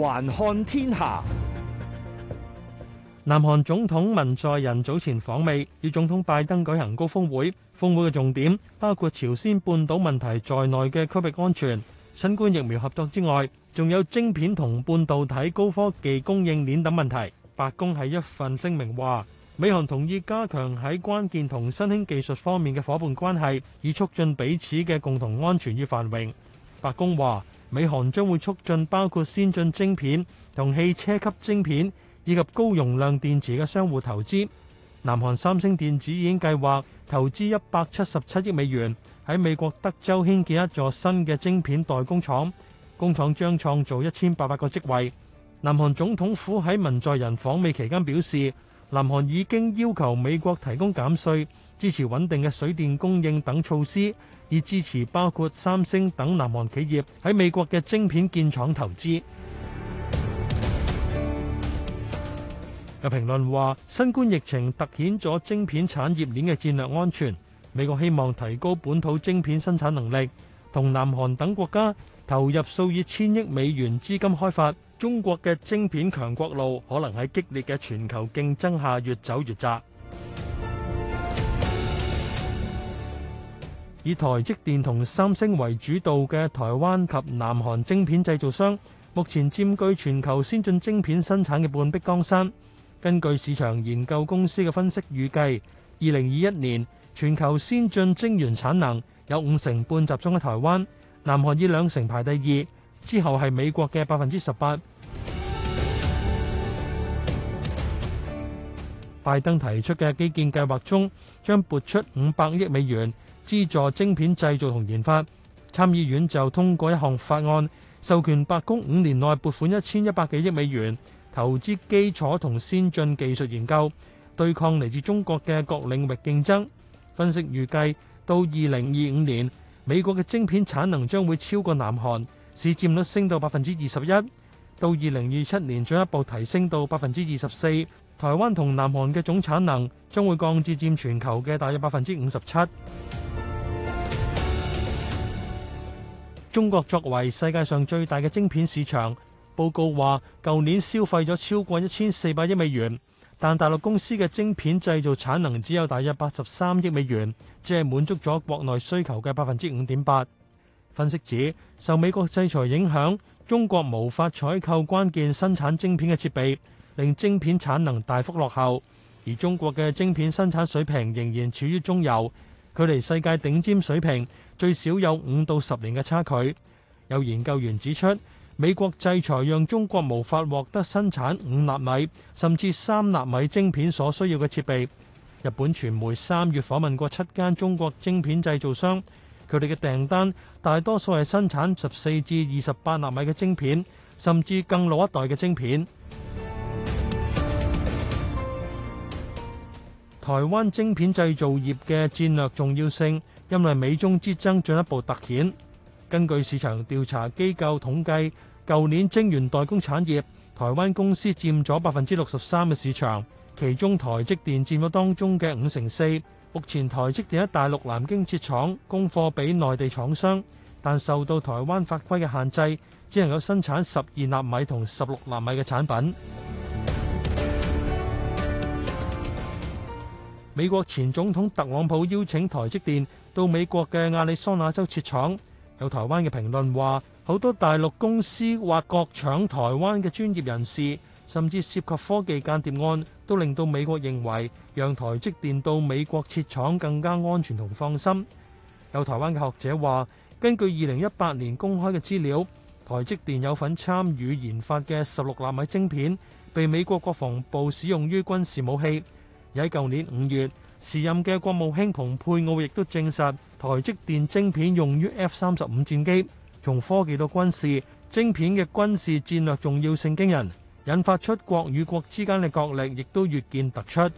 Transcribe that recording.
環看天下，南韓總統文在寅早前訪美，與總統拜登舉行高峰會，峰會嘅重點包括朝鮮半島問題在內嘅區域安全、新冠疫苗合作之外，仲有晶片同半導體高科技供應鏈等問題。白宮喺一份聲明話，美韓同意加強喺關鍵同新興技術方面嘅夥伴關係，以促進彼此嘅共同安全與繁榮。白宮話：美韓將會促進包括先進晶片同汽車級晶片以及高容量電池嘅相互投資。南韓三星電子已經計劃投資一百七十七億美元喺美國德州興建一座新嘅晶片代工廠，工廠將創造一千八百個職位。南韓總統府喺文在寅訪美期間表示。南韓已經要求美國提供減稅、支持穩定嘅水電供應等措施，以支持包括三星等南韓企業喺美國嘅晶片建廠投資。有評論話，新冠疫情突顯咗晶片產業鏈嘅戰略安全，美國希望提高本土晶片生產能力，同南韓等國家投入數以千億美元資金開發中國嘅晶片強國路，可能喺激烈嘅全球競爭下越走越窄。以台積電同三星為主導嘅台灣及南韓晶片製造商，目前佔據全球先進晶片生產嘅半壁江山。根據市場研究公司嘅分析預計，二零二一年全球先進晶圓產能有五成半集中喺台灣。南韓以兩成排第二，之後係美國嘅百分之十八。拜登提出嘅基建計劃中，將撥出五百億美元資助晶片製造同研發。參議院就通過一項法案，授權白宮五年內撥款一千一百幾億美元，投資基礎同先進技術研究，對抗嚟自中國嘅各領域競爭。分析預計到二零二五年，美國嘅晶片產能將會超過南韓，市佔率升到百分之二十一，到二零二七年進一步提升到百分之二十四。台灣同南韓嘅總產能將會降至佔全球嘅大約百分之五十七。中國作為世界上最大嘅晶片市場，報告話，舊年消費咗超過一千四百億美元。但大陸公司嘅晶片製造產能只有大約八十三億美元，只係滿足咗國內需求嘅百分之五點八。分析指，受美國制裁影響，中國無法採購關鍵生產晶片嘅設備，令晶片產能大幅落後。而中國嘅晶片生產水平仍然處於中游，距離世界頂尖水平最少有五到十年嘅差距。有研究員指出：美國制裁讓中國無法獲得生產五納米，甚至三納米晶片所需要嘅設備。日本傳媒三月訪問過七間中國晶片製造商，佢哋嘅訂單大多數係生產十四至二十八納米嘅晶片，甚至更老一代嘅晶片。台灣晶片製造業嘅戰略重要性，因為美中之爭進一步突顯。根據市場調查機構統計，舊年晶圓代工產業台灣公司佔咗百分之六十三嘅市場，其中台積電佔咗當中嘅五成四。目前台積電喺大陸南京設廠，供貨俾內地廠商，但受到台灣法規嘅限制，只能夠生產十二納米同十六納米嘅產品。美國前總統特朗普邀請台積電到美國嘅亞利桑那州設廠。有台灣嘅評論話，好多大陸公司挖角搶台灣嘅專業人士，甚至涉及科技間諜案，都令到美國認為讓台積電到美國設廠更加安全同放心。有台灣嘅學者話，根據二零一八年公開嘅資料，台積電有份參與研發嘅十六納米晶片，被美國國防部使用於軍事武器。喺舊年五月，時任嘅國務卿蓬佩奧亦都證實台積電晶片用於 F 三十五戰機。從科技到軍事，晶片嘅軍事戰略重要性驚人，引發出國與國之間嘅角力亦都越見突出。